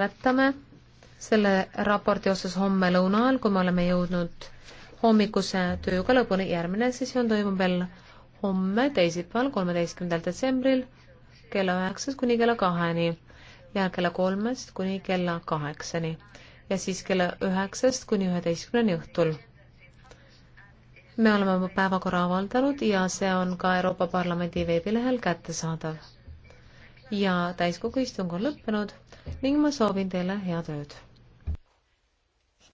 hääletame selle raporti osas homme lõuna ajal, kui me oleme jõudnud hommikuse tööga lõpuni. järgmine sessioon toimub veel homme, teisipäeval, kolmeteistkümnendal detsembril kella üheksast kuni kella kaheni ja kella kolmest kuni kella kaheksani ja siis kella üheksast kuni üheteistkümneni õhtul. me oleme oma päevakorra avaldanud ja see on ka Euroopa Parlamendi veebilehel kättesaadav ja täiskogu istung on lõppenud ning ma soovin teile head ööd.